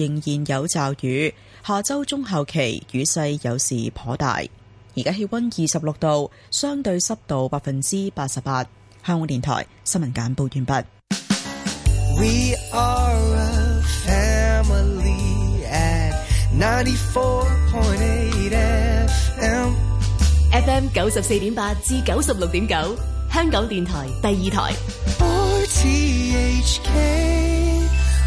仍然有驟雨，下周中後期雨勢有時頗大。而家氣溫二十六度，相對濕度百分之八十八。香港電台新聞簡報完畢。FM 九十四點八至九十六點九，香港電台第二台。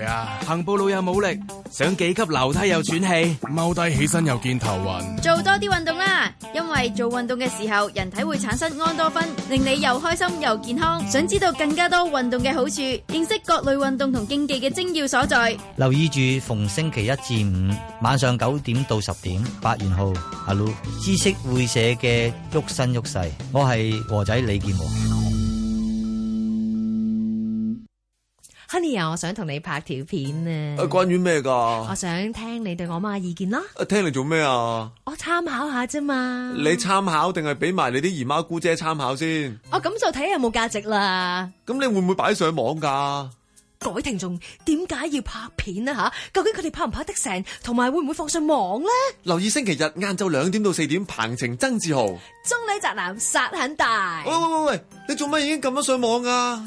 啊！行步路又冇力，上幾級樓梯又喘氣，踎低起身又見頭暈。做多啲運動啦，因為做運動嘅時候，人體會產生安多酚，令你又開心又健康。想知道更加多運動嘅好處，認識各類運動同競技嘅精要所在，留意住逢星期一至五晚上九點到十點八元號阿 e 知識會社嘅喐身喐勢，我係和仔李健和。Honey 啊，我想同你拍條片啊！誒，關於咩噶？我想聽你對我媽意見咯。誒，聽你做咩啊？參參嗯、我參考下啫嘛。你參考定係俾埋你啲姨媽姑姐參考先？哦，咁就睇下有冇價值啦。咁你會唔會擺上網噶？各位聽眾，點解要拍片啊？吓，究竟佢哋拍唔拍得成，同埋會唔會放上網咧？留意星期日晏晝兩點到四點，彭程曾志豪，中女宅男殺很大。喂喂喂喂，你做乜已經撳咗上網噶、啊？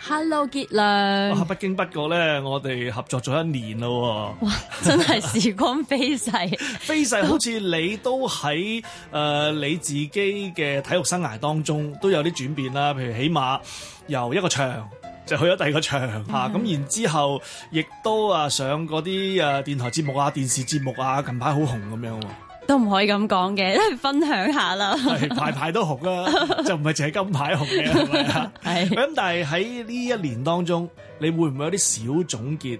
Hello，傑良、啊。不經不覺咧，我哋合作咗一年咯喎、哦。哇！真係時光飛逝， 飛逝好似你都喺誒、呃、你自己嘅體育生涯當中都有啲轉變啦。譬如起碼由一個場就去咗第二個場嚇，咁的、啊、然之後亦都啊上嗰啲誒電台節目啊、電視節目啊，近排好紅咁樣。都唔可以咁講嘅，都係分享下啦。係排排都紅啦， 就唔係淨係金牌紅嘅。係咁， 是 但係喺呢一年當中，你會唔會有啲小總結？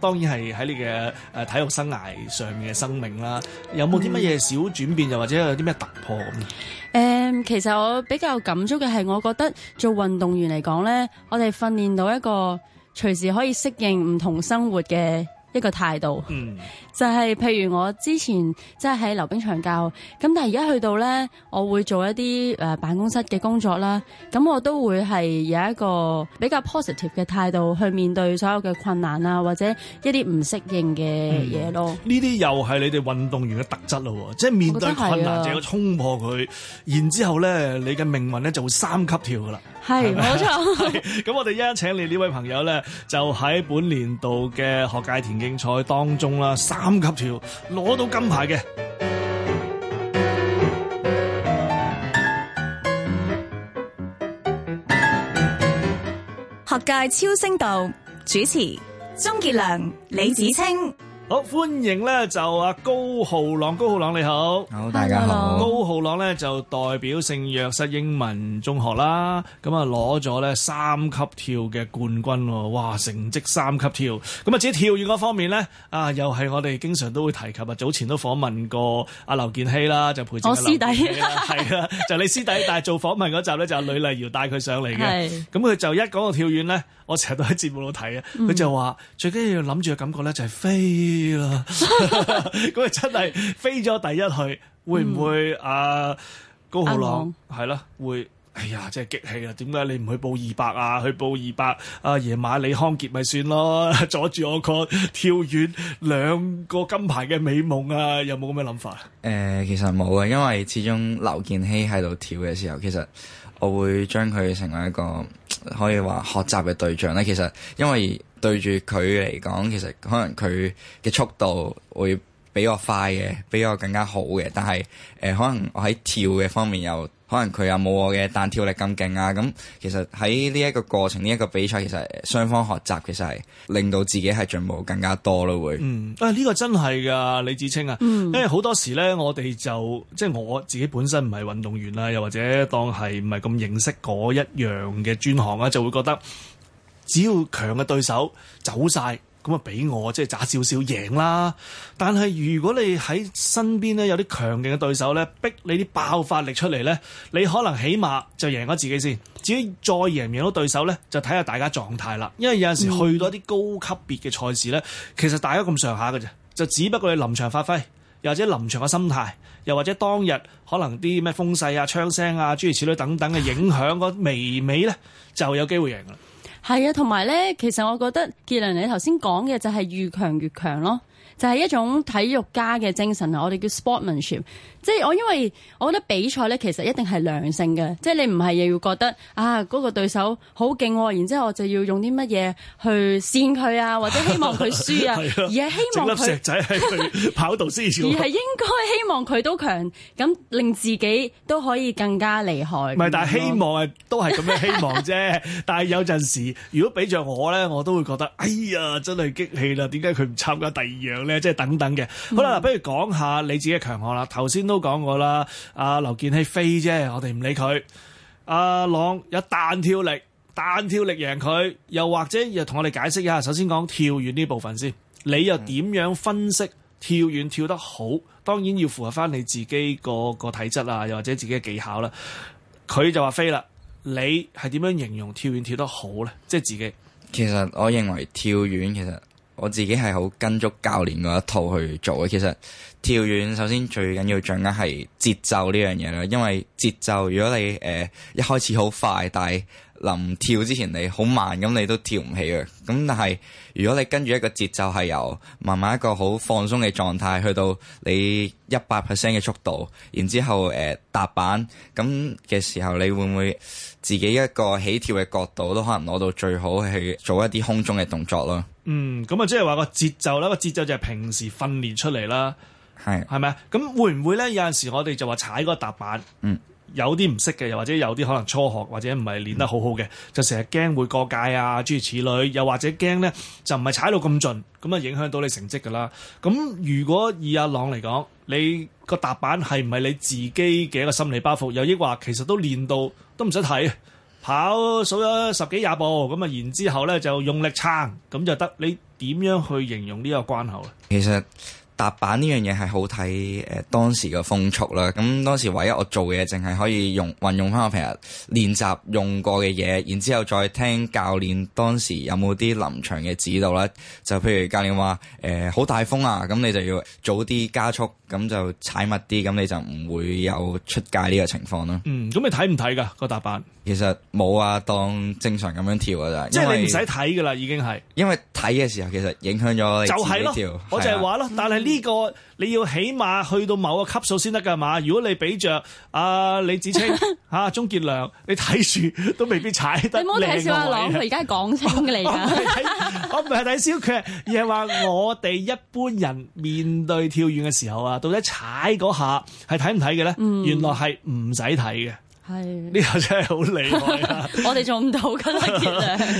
當然係喺你嘅誒體育生涯上面嘅生命啦。有冇啲乜嘢小轉變，又或者有啲咩突破咁啊？嗯，其實我比較感觸嘅係，我覺得做運動員嚟講咧，我哋訓練到一個隨時可以適應唔同生活嘅。一個態度，就係、是、譬如我之前即係喺溜冰場教，咁但係而家去到咧，我會做一啲誒辦公室嘅工作啦，咁我都會係有一個比較 positive 嘅態度去面對所有嘅困難啊，或者一啲唔適應嘅嘢咯。呢啲、嗯、又係你哋運動員嘅特質咯，即、就、係、是、面對困難就要衝破佢，然之後咧，你嘅命運咧就會三級跳噶啦。係，冇錯。咁沒錯笑我哋一一請你呢位朋友咧，就喺本年度嘅學界田徑賽當中啦，三級跳攞到金牌嘅。學界超新星主持鍾傑良、李芷菁。好歡迎咧，就阿高澔塱，高澔塱你好，好，大家好。高澔塱咧就代表聖若瑟英文中學啦，咁啊攞咗咧三級跳嘅冠軍喎，哦，哇，成績三級跳，咁啊至於跳遠嗰方面咧，啊又係我哋經常都會提及啊，早前都訪問過阿劉健熙啦，就陪我師弟，係啊 就你師弟，但係做訪問嗰集咧就阿呂麗瑤帶佢上嚟嘅，咁佢是就一講到跳遠咧，我成日都喺節目度睇啊，佢就話，mm. 最緊要諗住嘅感覺咧就係飛。知啦，咁啊 真係飛咗第一去，會唔會、嗯、啊高澔塱係啦，會。哎呀，真係激氣啦！點解你唔去報二百啊？去報二百啊？夜晚李康傑咪算咯，阻 住我個跳遠兩個金牌嘅美夢啊！有冇咁嘅諗法誒、呃，其實冇嘅，因為始終劉健熙喺度跳嘅時候，其實我會將佢成為一個可以話學習嘅對象咧。其實因為對住佢嚟講，其實可能佢嘅速度會比我快嘅，比我更加好嘅。但係誒、呃，可能我喺跳嘅方面又。可能佢又冇我嘅彈跳力咁勁啊！咁其實喺呢一個過程，呢、這、一個比賽，其實雙方學習，其實係令到自己係進步更加多咯，會嗯，但係呢、這個真係㗎李芷菁啊，嗯、因為好多時咧，我哋就即係我自己本身唔係運動員啦，又或者當係唔係咁認識嗰一樣嘅專項啊，就會覺得只要強嘅對手走晒。咁啊，俾我即係渣少少贏啦。但係如果你喺身邊咧有啲強勁嘅對手咧，逼你啲爆發力出嚟咧，你可能起碼就贏咗自己先。至於再贏唔贏到對手咧，就睇下大家狀態啦。因為有陣時去到一啲高級別嘅賽事咧，嗯、其實大家咁上下嘅啫，就只不過你臨場發揮，又或者臨場嘅心態，又或者當日可能啲咩風勢啊、槍聲啊、諸如此類等等嘅影響，個微微咧就有機會贏啦。係啊，同埋咧，其實我覺得傑良你頭先講嘅就係越強越強咯。就係一種體育家嘅精神啊！我哋叫 sportsmanship，即係、就是、我因為我覺得比賽咧，其實一定係良性嘅，即、就、係、是、你唔係又要覺得啊、那個對手好勁喎，然之後我就要用啲乜嘢去扇佢啊，或者希望佢輸啊， 的而係希望粒石仔喺跑道之餘， 而係應該希望佢都強咁令自己都可以更加厲害。唔係，但係希望係 都係咁樣希望啫。 但係有陣時如果畀着我咧，我都會覺得哎呀，真係激氣啦！點解佢唔參加第二樣？即係等等嘅，好啦，不如講下你自己嘅強項啦。頭先都講過啦，阿、啊、劉健熙飛啫，我哋唔理佢。阿、啊、塱有彈跳力，彈跳力贏佢，又或者又同我哋解釋一下。首先講跳遠呢部分先，你又點樣分析跳遠跳得好？當然要符合翻你自己個個體質啊，又或者自己嘅技巧啦。佢就話飛啦，你係點樣形容跳遠跳得好呢？即係自己，其實我認為跳遠其實。我自己係好跟足教練嗰一套去做嘅。其實跳遠首先最緊要掌握係節奏呢樣嘢啦，因為節奏如果你誒、呃、一開始好快，但係臨跳之前你好慢咁，你都跳唔起嘅。咁但係如果你跟住一個節奏，係由慢慢一個好放鬆嘅狀態去到你一百 percent 嘅速度，然之後誒、呃、踏板咁嘅時候，你會唔會自己一個起跳嘅角度都可能攞到最好，去做一啲空中嘅動作咯？嗯，咁啊，即係話個節奏啦，個節奏就係平時訓練出嚟啦，係係咪？咁會唔會咧？有陣時我哋就話踩嗰個踏板，嗯、有啲唔識嘅，又或者有啲可能初學或者唔係練得好好嘅，嗯、就成日驚會過界啊，諸如此類，又或者驚咧就唔係踩到咁盡，咁啊影響到你成績㗎啦。咁如果以阿朗嚟講，你個踏板係唔係你自己嘅一個心理包袱？有抑或話其實都練到都唔使睇？跑數咗十幾廿步，咁啊然之後咧就用力撐，咁就得。你點樣去形容呢個關口咧？其實。踏板呢樣嘢係好睇誒、呃、當時嘅風速啦，咁當時唯一我做嘅淨係可以用運用翻我平日練習用過嘅嘢，然之後再聽教練當時有冇啲臨場嘅指導啦。就譬如教練話誒好大風啊，咁你就要早啲加速，咁就踩密啲，咁你就唔會有出界呢個情況啦。嗯，咁你睇唔睇噶個踏板？其實冇啊，當正常咁樣跳啊，就、嗯、為即係你唔使睇噶啦，已經係因為睇嘅時候其實影響咗你。就係咯，我就係話咯，但係。呢、這個你要起碼去到某個級數先得噶嘛？如果你畀着阿李芷菁吓、鍾傑良，你睇住都未必踩得、啊。你唔好睇小阿塱，佢而家講嘅嚟噶。我唔係睇小腳，而係話我哋一般人面對跳遠嘅時候啊，到底踩嗰下係睇唔睇嘅咧？嗯、原來係唔使睇嘅。係呢的、啊、 個真係好厲害。我哋做唔到噶啦，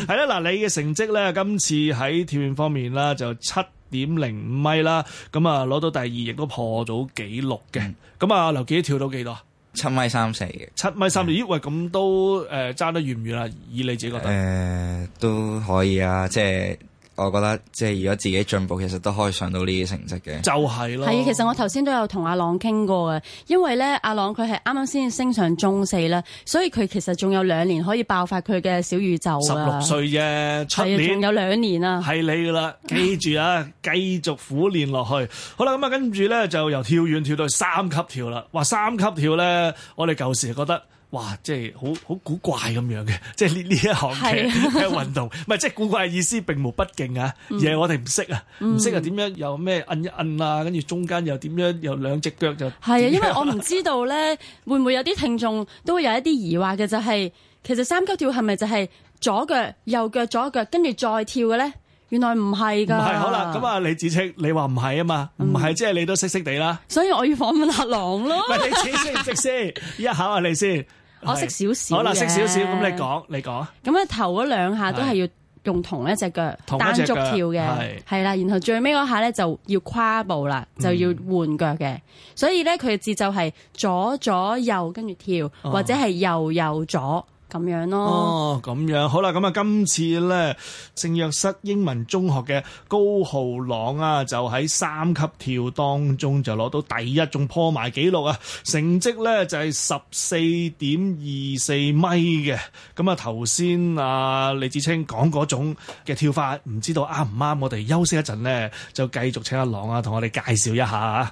係啦嗱，你嘅成績咧，今次喺跳遠方面啦，就七。點零五米啦，咁啊攞到第二，亦都破咗紀錄嘅。咁啊，劉傑跳到幾多？七米三四，七米三四，咦？喂，咁都誒爭、呃呃、得遠唔遠啊？以你自己覺得誒、呃、都可以啊，即係。我覺得即係如果自己進步，其實都可以上到呢啲成績嘅。就係咯。係啊，其實我頭先都有同阿朗傾過嘅，因為咧阿朗佢係啱啱先升上中四啦，所以佢其實仲有兩年可以爆發佢嘅小宇宙。十六歲啫，出年仲有兩年啦。係你啦，記住啊，繼續苦練落去。 好啦，咁啊，跟住咧就由跳遠跳到三級跳啦。哇，三級跳咧，我哋舊時覺得。哇，即係好好古怪咁樣嘅，即係呢呢一行嘅是、啊、運動，唔係即係古怪嘅意思並無不敬啊！嗯、而係我哋唔識啊，唔識啊點樣又咩摁一摁啊，跟住中間又點樣又兩隻腳就係啊！因為我唔知道咧， 會唔會有啲聽眾都會有一啲疑惑嘅就係、是，其實三級跳係咪就係左腳右腳左腳跟住再跳嘅咧？原來唔係㗎，係好啦，咁啊李芷菁，你話唔係啊嘛？唔係即係你都識識地啦，所以我要訪問阿塱咯。咪 你識唔識先，一下啊你先。我識少少，少，少少，可能識少少，咁你講，你講。咁啊，頭嗰兩下都係要用同一隻腳單足跳嘅，係啦是，然後最尾嗰下咧就要跨步啦，嗯、就要換腳嘅，所以咧佢嘅節奏係左左右跟住跳，嗯、或者係右右左。咁樣咯。哦，咁樣好啦。咁、嗯、啊，今次咧聖若瑟英文中學嘅高澔塱啊，就喺三級跳當中就攞到第一，仲破埋紀錄啊！成績咧就係十四點二四米嘅。咁、嗯、啊，頭先啊李芷菁講嗰種嘅跳法，唔知道啱唔啱？我哋休息一陣咧，就繼續請阿朗啊，同我哋介紹一下啊。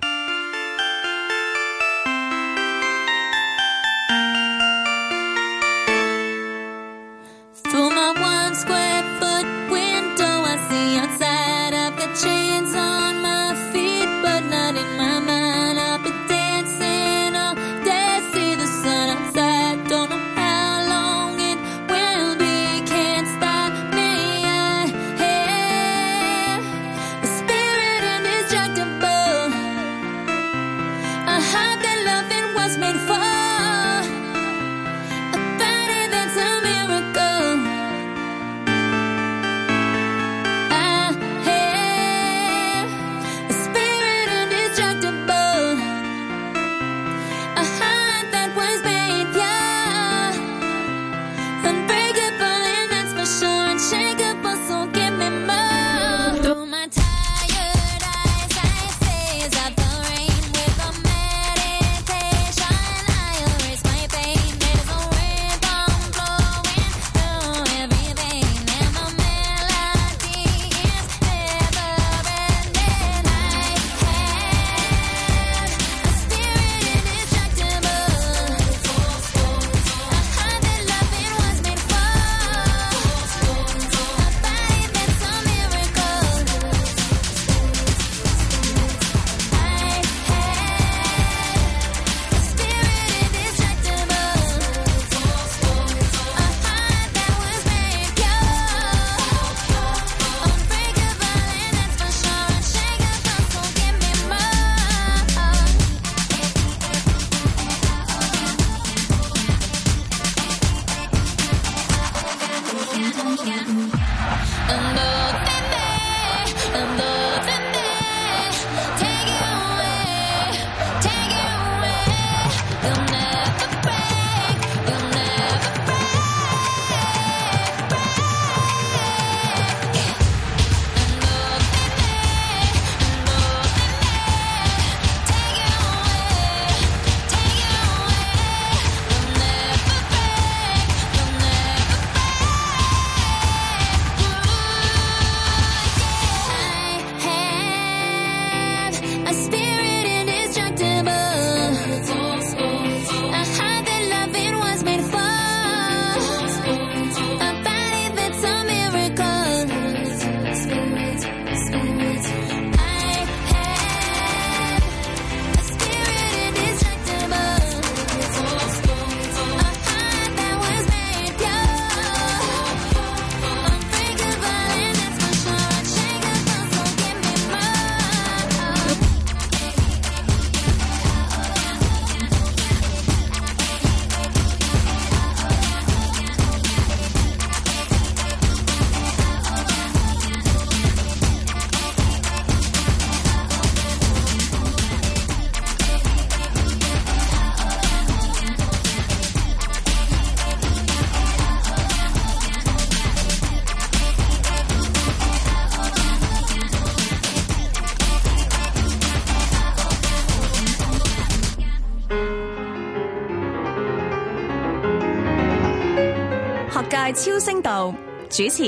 主持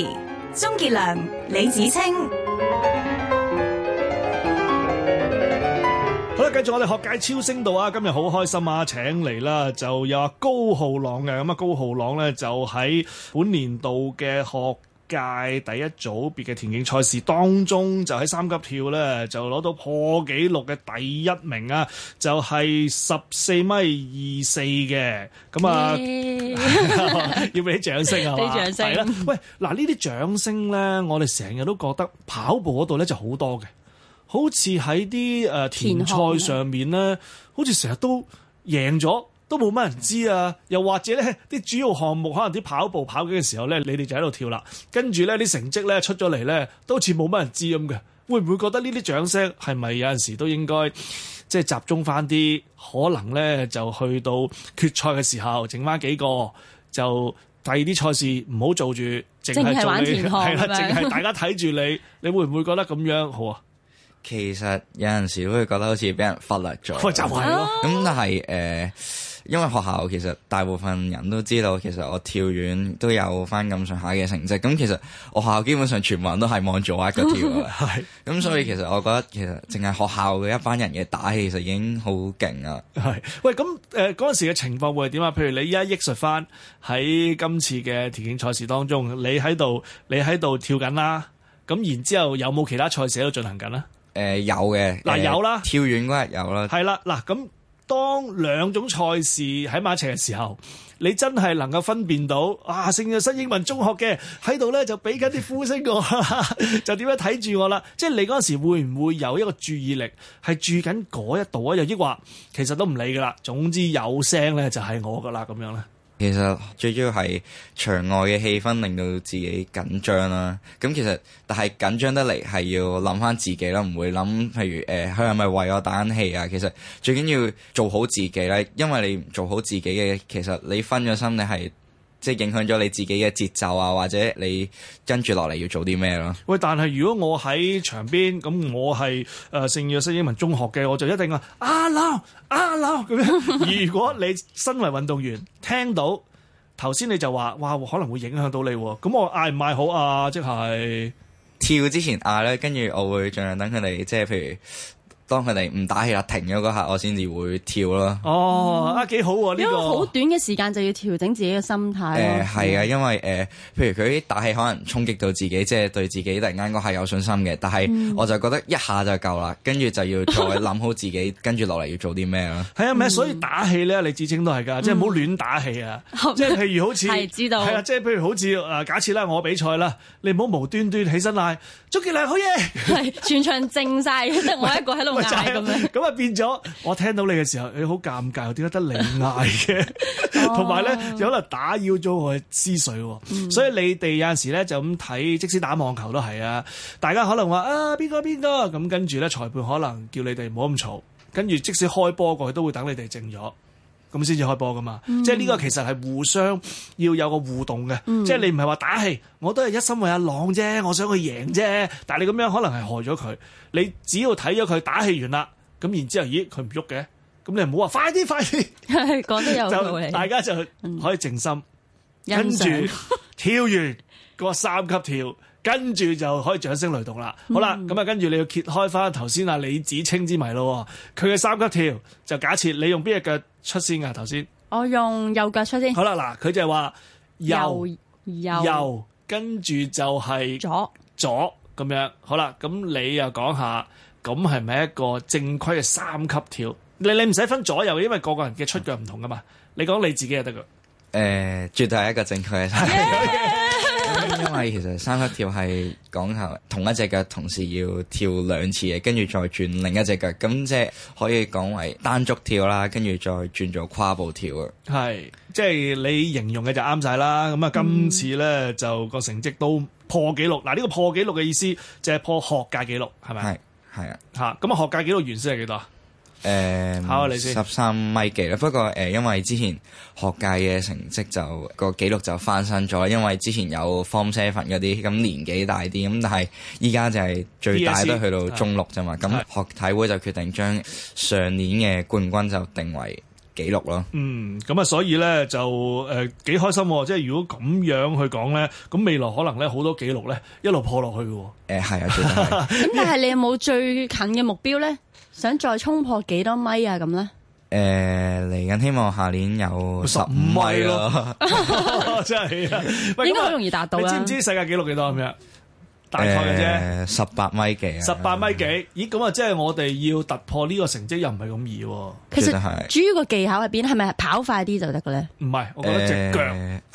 鍾傑良、李芷菁，好啦，嗯，繼續我哋學界超聲道啊！今日好開心啊，請嚟啦，就有高澔塱嘅咁啊！高澔塱咧就喺本年度嘅學界第一組別嘅田徑賽事當中就，就喺三級跳咧就攞到破紀錄嘅第一名，就係、啊！就係十四米二四嘅咁啊，要俾掌聲啊！俾掌聲係啦，喂，嗱呢啲掌聲咧，我哋成日都覺得跑步嗰度咧就好多嘅，好似喺啲誒田賽上面咧，好似成日都贏咗。都冇乜人知啊，又或者咧，啲主要項目可能啲跑步跑嘅時候咧，你哋就喺度跳啦。跟住咧啲成績咧出咗嚟咧，都好似冇乜人知咁嘅。會唔會覺得呢啲掌盃係咪有陣時都應該即係、就是、集中翻啲？可能咧就去到決賽嘅時候，剩翻幾個就第二啲賽事唔好做住，淨係做係啦，淨係大家睇住你。 你會唔會覺得咁樣？好啊，其實有陣時會覺得好似俾人忽略咗，就係咯。咁 但係誒。因為學校其實大部分人都知道，其實我跳遠都有翻咁上下嘅成績。咁其實我學校基本上全部人都係望左一個跳係。咁 是所以其實我覺得其實淨係學校嘅一班人嘅打氣其實已經好勁啊。係，喂，咁誒嗰陣時嘅情況會係點啊？譬如你依家憶述翻喺今次嘅田徑賽事當中，你喺度你喺度跳緊啦。咁然之後有冇其他賽事喺度進行緊、呃呃、啊？誒，有嘅，嗱有啦，跳遠嗰日有啦，係啦，嗱咁。當兩種賽事喺埋一齊嘅時候，你真係能夠分辨到啊，聖若瑟英文中學嘅喺度咧就俾緊啲呼聲 就我就點樣睇住我啦？即係你嗰陣時會唔會有一個注意力係住緊嗰一度啊？又抑或其實都唔理噶啦，總之有聲咧就係我噶啦咁樣咧。其實最主要係場外嘅氣氛令到自己緊張啦。咁其實但係緊張得嚟係要諗翻自己啦，唔會諗譬如誒佢係咪為我打氣啊。其實最緊要做好自己啦，因為你唔做好自己嘅，其實你分咗心你係。即係影響咗你自己嘅節奏啊，或者你跟住落嚟要做啲咩咯？喂，但係如果我喺場邊，咁我係誒、呃、聖若瑟英文中學嘅，我就一定話啊鬧啊鬧咁樣。 如果你身為運動員聽到頭先，你就話哇可能會影響到你，咁我嗌唔嗌好啊？即係跳之前嗌咧，跟住我會盡量等佢哋，即係譬如。當佢哋唔打氣啦，停咗嗰下，我先至會跳咯。哦，啊幾好喎！呢個好短嘅時間就要調整自己嘅心態。誒係啊，因為誒，譬如佢打氣可能衝擊到自己，即係對自己突然間嗰下有信心嘅。但係我就覺得一下就夠啦，跟住就要再諗好自己跟住落嚟要做啲咩啦。係啊，咩，所以打氣咧，李芷菁都係噶，即係唔好亂打氣啊。即係譬如好似係知道。係啊，即係譬如好似誒，假設啦，我比賽啦，你唔好無端端起身嗌，鍾傑良好嘢，係全場靜曬，得我一個喺度。就係咁樣，咁啊變咗。我聽到你嘅時候，你好尷尬，又點解得你嗌嘅？同埋咧，有可能打擾咗我嘅思緒。嗯、所以你哋有陣時咧就咁睇，即使打網球都係啊。大家可能話啊邊個邊個咁，跟住咧裁判可能叫你哋唔好咁嘈，跟住即使開波過去都會等你哋靜咗。咁先至開播噶嘛？即係呢個其實係互相要有個互動嘅，即係、嗯、你唔係話打氣，我都係一心為阿塱啫，我想佢贏啫。但係你咁樣可能係害咗佢。你只要睇咗佢打氣完啦，咁然後之後，咦，佢唔喐嘅，咁你唔好話快啲，快啲，講得 有道理， 就大家就可以靜心，嗯、跟住跳完個、嗯、三級跳，跟住就可以掌聲雷動啦。嗯、好啦，咁啊，跟住你要揭開翻頭先阿李芷菁之謎咯。佢嘅三級跳就假設你用邊隻腳。出先啊！頭先，我用右腳出先。好啦，嗱，佢就係話右右、右，跟住就係左左咁樣。好啦，咁你又講下，咁係咪一個正規嘅三級跳？你你唔使分左右，因為個個人嘅出腳唔同㗎嘛。你講你自己就得㗎。誒、呃，絕對係一個正規嘅。Yeah! 因為其實三級跳係講求同一隻腳同時要跳兩次嘅，跟住再轉另一隻腳,咁即係可以講為單足跳啦，跟住再轉做跨步跳啊。係，即係你形容嘅就啱晒啦。咁啊，今次咧、嗯、就個成績都破紀錄。嗱、啊、呢、呢個破紀錄嘅意思就係破學界紀錄，係咪？係係啊。吓，咁啊，學界紀錄原先係幾多啊？誒十三米幾啦， 不過誒、呃，因為之前學界嘅成績就、嗰個記錄就翻新咗，因為之前有 form seven 啲咁年紀大啲，咁但係依家就係最大都去到中六啫嘛，咁 ES C, 學體會就決定將上年嘅冠軍就定為。記錄咯，嗯，咁啊，所以咧就誒幾、呃、開心，即係如果咁樣去講咧，咁未來可能咧好多記錄咧一路破落去嘅，誒係、呃、啊，咁 但係你有冇最近嘅目標咧？想再衝破幾多米啊？咁咧？誒嚟緊希望下年有十五米咯，真係啊，應該好容易達到啦。 你知唔知世界紀錄幾多咁樣？大概嘅啫，十八、呃、米幾，十八米幾，咦咁啊，即係我哋要突破呢個成績又唔係咁易、啊。其實係主要個技巧入邊，係咪跑快啲就得嘅咧？唔係，我覺得腳、呃、隻腳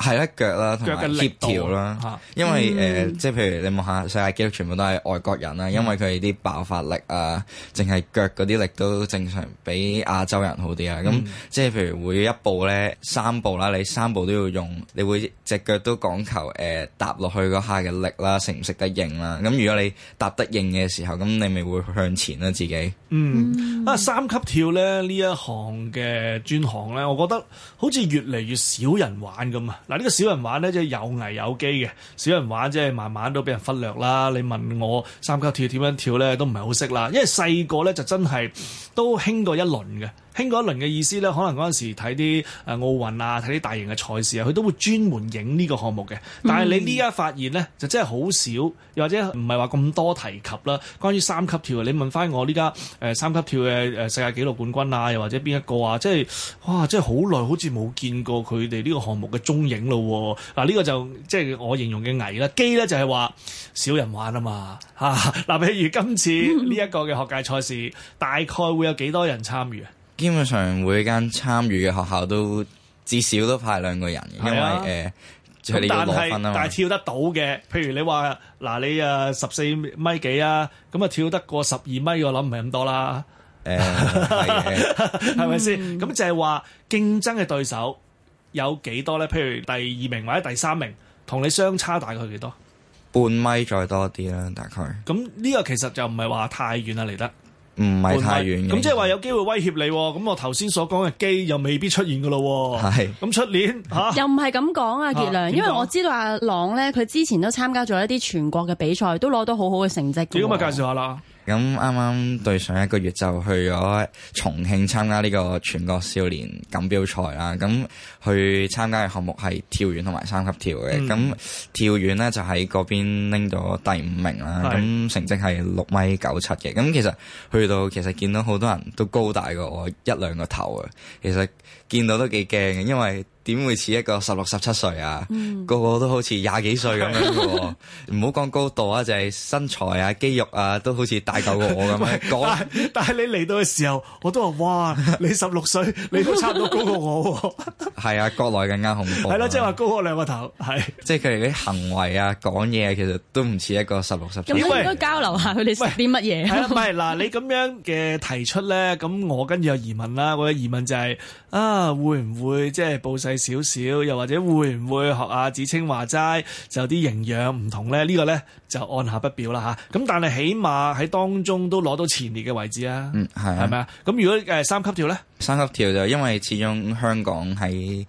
係一腳啦，同腳嘅力道啦、呃嗯。因為誒，即係譬如你望下世界紀錄全部都係外國人啦，因為佢哋啲爆發力啊，淨係腳嗰啲力都正常，比亞洲人好啲啊。咁、嗯嗯、即係譬如每一步咧三步啦，你三步都要用，你會隻腳都講求誒、呃、踏落去嗰下嘅力啦，食唔食得嘢？啦，咁如果你答得應嘅時候，咁你咪會向前啦自己。嗯，啊三級跳咧呢一行嘅專項咧，我覺得好似越嚟越少人玩咁啊。嗱，呢個少人玩咧，即係有危有機嘅，少人玩即係慢慢都俾人忽略啦。你問我三級跳點樣跳咧，都唔係好識啦，因為細個咧就真係都興過一輪嘅。興過一輪嘅意思咧，可能嗰陣時睇啲誒奧運啊，睇啲大型嘅賽事啊，佢都會專門影呢個項目嘅。但係你呢家發現咧，就真係好少，又或者唔係話咁多提及啦。關於三級跳，你問翻我呢家誒三級跳嘅誒世界紀錄冠軍啊，又或者邊一個啊？即係哇，即係好耐，好似冇見過佢哋呢個項目嘅蹤影咯、啊。嗱、啊，呢、這個就即係、就是、我形容嘅危啦，機、啊、咧就係話少人玩啊嘛。吓、啊、嗱，譬、啊、如今次呢一個嘅學界賽事，嗯、大概會有幾多人參與啊？基本上每間參與嘅學校都至少都派兩個人，啊、因為誒，呃、但係是但係跳得到嘅，譬如你話嗱，你誒十四米幾啊，咁啊就跳得過十二米，我諗唔係咁多啦。誒、呃，係咪先？咁就係話競爭嘅對手有幾多咧？譬如第二名或者第三名，同你相差大概幾多？半米再多啲啦，大概。咁呢個其實就唔係話太遠啦嚟得。唔係太遠，咁即係話有機會威脅你，咁我頭先所講嘅機又未必出現噶咯。係是，咁出年吓、啊、 又唔係咁講啊，傑良，啊、因為我知道阿朗咧，佢之前都參加咗一啲全國嘅比賽，都攞到好好嘅成績。可以介紹下啦。 咁啱啱對上一個月就去咗重慶參加呢個全國少年錦標賽啦，咁去參加嘅項目係跳遠同埋三級跳嘅，咁、嗯、跳遠咧就喺嗰邊拎咗第五名啦，咁是 成績係六米九七嘅，咁其實去到其實見到好多人都高大過我一兩個頭啊，其實見到都幾驚嘅，因為，點會似一個十六十七歲啊？個個都好似廿幾歲咁樣嘅，唔好講高度啊，就係身材啊、肌肉啊，都好似大舊過我咁啊！但係但係你嚟到嘅時候，我都話哇，你十六歲，你都差唔多高過我。係啊，國內更加恐怖。係啦，即係話高我兩個頭。係，即係佢哋啲行為啊、講嘢，啊，其實都唔似一個十六十七。咁應該交流下佢哋食啲乜嘢？係啊，唔係嗱，你咁樣嘅提出咧，咁我跟住有疑問啦。我有疑問就係啊，會唔會即係報少少，又或者會唔會學阿、啊、子清話齋，就有啲營養唔同咧？這個、呢個咧就按下不表啦吓。咁、啊、但係起碼喺當中都攞到前列嘅位置、嗯、啊。嗯，係係咪啊？咁如果誒三級跳咧？三級跳就因為始終香港喺。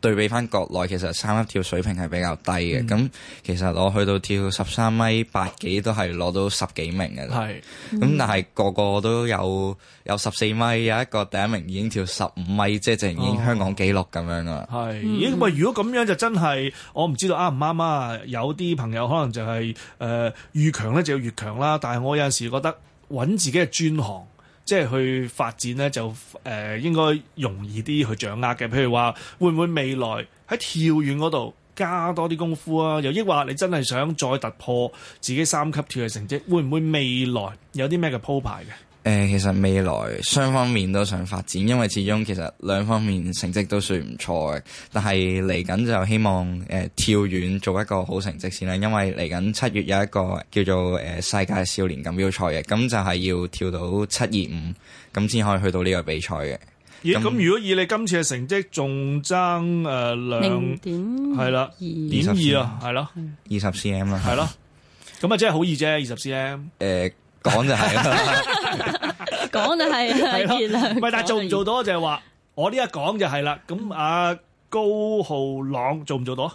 對比翻國內，其實三級跳水平係比較低嘅。咁、嗯、其實我去到跳十三米八幾都係攞到十幾名嘅啦。咁、嗯、但係個個都有有十四米，有一個第一名已經跳十五米，即係竟已經香港紀錄咁樣啦。係是。咦、嗯？喂！如果咁樣就真係，我唔知道啱唔啱啊？有啲朋友可能就係、是、誒、呃、越強咧就要越強啦。但係我有陣時覺得揾自己嘅專項。即係去發展咧，就誒、呃、應該容易啲去掌握嘅。譬如話，會唔會未來喺跳遠度加多啲功夫啊？又抑或你真係想再突破自己三級跳嘅成績，會唔會未來有啲咩嘅鋪排嘅？誒、呃，其實未來雙方面都想發展，因為始終其實兩方面成績都算唔錯嘅。但係嚟緊就希望誒、呃、跳遠做一個好成績先啦，因為嚟緊七月有一個叫做誒、呃、世界少年錦標賽嘅，咁就係要跳到七二五咁先可以去到呢個比賽嘅。咦？咁、嗯、如果以你今次嘅成績，仲爭誒兩點係啦，二點二啊，係咯，二十 cm 啦，係咯，咁啊真係好易啫，二十 cm。誒、呃。講就係，講就係係啦。唔係，但係做唔做到就係話，我呢一講就係啦。咁阿高澔塱做唔做到？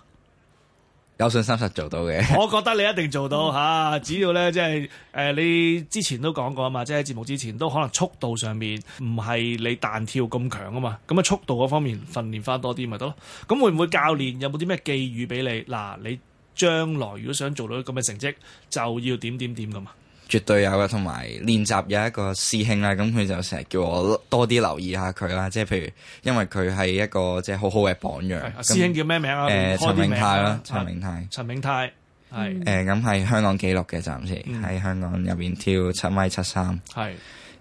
有信心實做到嘅。我覺得你一定做到吓，只要咧即係誒，你之前都講過啊嘛，即係喺節目之前都可能速度上面唔係你彈跳咁強啊嘛，咁啊速度嗰方面訓練翻多啲咪得咯。咁會唔會教練有冇啲咩寄語俾你？嗱，你將來如果想做到咁嘅成績，就要點點點咁啊。絕對有嘅，同埋練習有一個師兄啦，咁佢就成日叫我多啲留意下佢啦。即係譬如，因為佢係一個即係好好嘅榜樣。是那師兄叫咩名啊？誒、呃，陳明泰啦，陳明泰。啊、陳明泰係誒，咁係、嗯呃、香港紀錄嘅暫時喺、嗯、香港入邊跳七米七三。係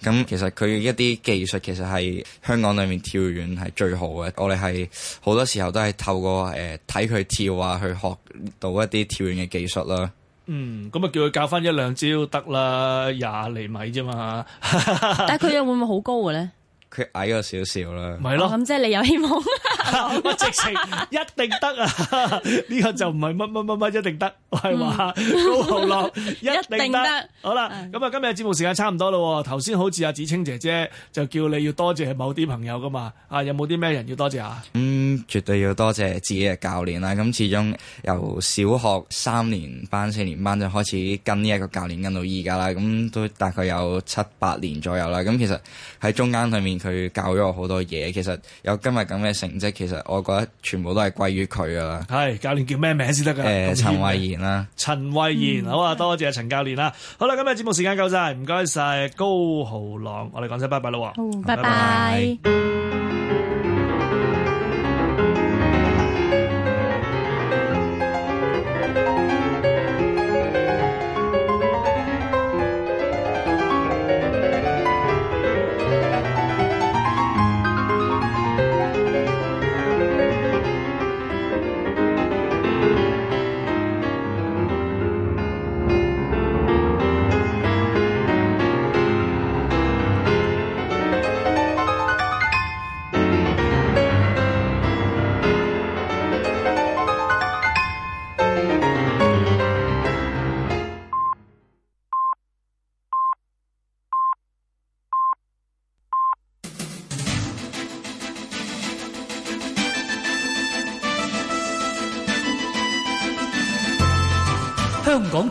咁是，其實佢一啲技術其實係香港裏面跳遠係最好嘅。我哋係好多時候都係透過誒睇佢跳啊，去學到一啲跳遠嘅技術啦。嗯，咁啊叫佢教翻一兩招得啦，廿厘米啫嘛。 但係佢又會唔會好高嘅咧？佢矮咗少少啦，咪咯，咁、哦、即係你有希望，啊，我 直情一定得啊！呢 個就唔係乜乜乜乜一定得，我係話高澔塱 一定得，定得好啦，咁啊、 嗯、今日節目時間差唔多啦，頭先好似阿芷菁姐姐就叫你要多謝某啲朋友噶嘛，啊有冇啲咩人要多謝啊？咁、嗯、絕對要多謝自己嘅教練啦，咁、嗯、始終由小學三年班、四年班就開始跟呢一個教練跟到而家啦，咁、嗯、都大概有七八年左右啦，咁、嗯、其實喺中間裏面。佢教咗我好多嘢，其實有今日咁嘅成績，其實我覺得全部都係歸於佢噶啦。係、哎，教練叫咩名先得㗎？誒、呃，陳慧妍啦，陳慧妍，嗯、好啊，多謝陳教練啦。嗯、好啦，今日節目時間夠晒，唔該晒。高澔塱，我哋講聲拜拜咯！嗯、拜拜。拜拜。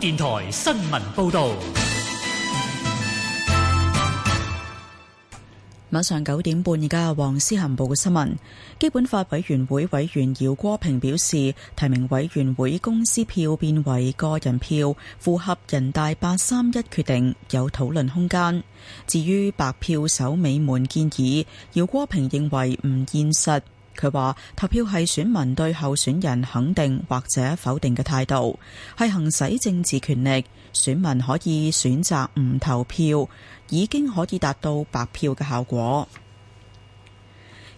電台新聞報道，晚上九點半，而家黃思涵報嘅新聞。基本法委員會委員姚戈平表示，提名委員會公司票變為個人票，符合人大八三一決定，有討論空間。至於白票守尾門建議，姚戈平認為唔現實。佢話：投票係選民對候選人肯定或者否定嘅態度，係行使政治權力。選民可以選擇唔投票，已經可以達到白票嘅效果。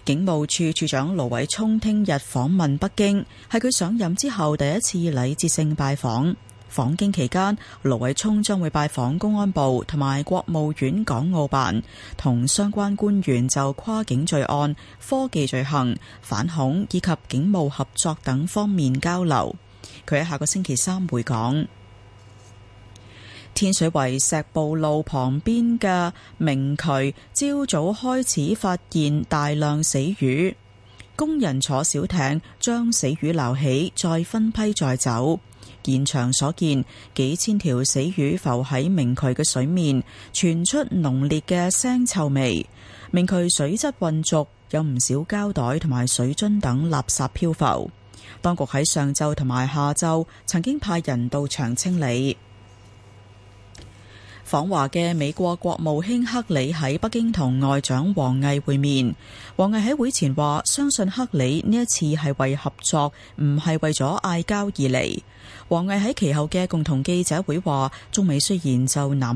警務處處長盧偉聰聽日訪問北京，係佢上任之後第一次禮節性拜訪。訪京期間，盧偉聰將會拜訪公安部同埋國務院港澳辦，同相關官員就跨境罪案、科技罪行、反恐以及警務合作等方面交流。佢喺下個星期三回港。天水圍石埗路旁邊嘅明渠，朝早開始發現大量死魚，工人坐小艇將死魚撈起，再分批再走。現場所見，幾千條死魚浮喺明渠嘅水面，傳出濃烈嘅腥臭味。明渠水質混濁，有唔少膠袋同埋水樽等垃圾漂浮。當局喺上晝同埋下晝曾經派人到場清理。訪華嘅美國國務卿克里喺北京同外長王毅會面，王毅喺會前話：相信克里呢一次係為合作，唔係為咗嗌交而嚟。王毅喺其後嘅共同記者會話，中美雖然就南海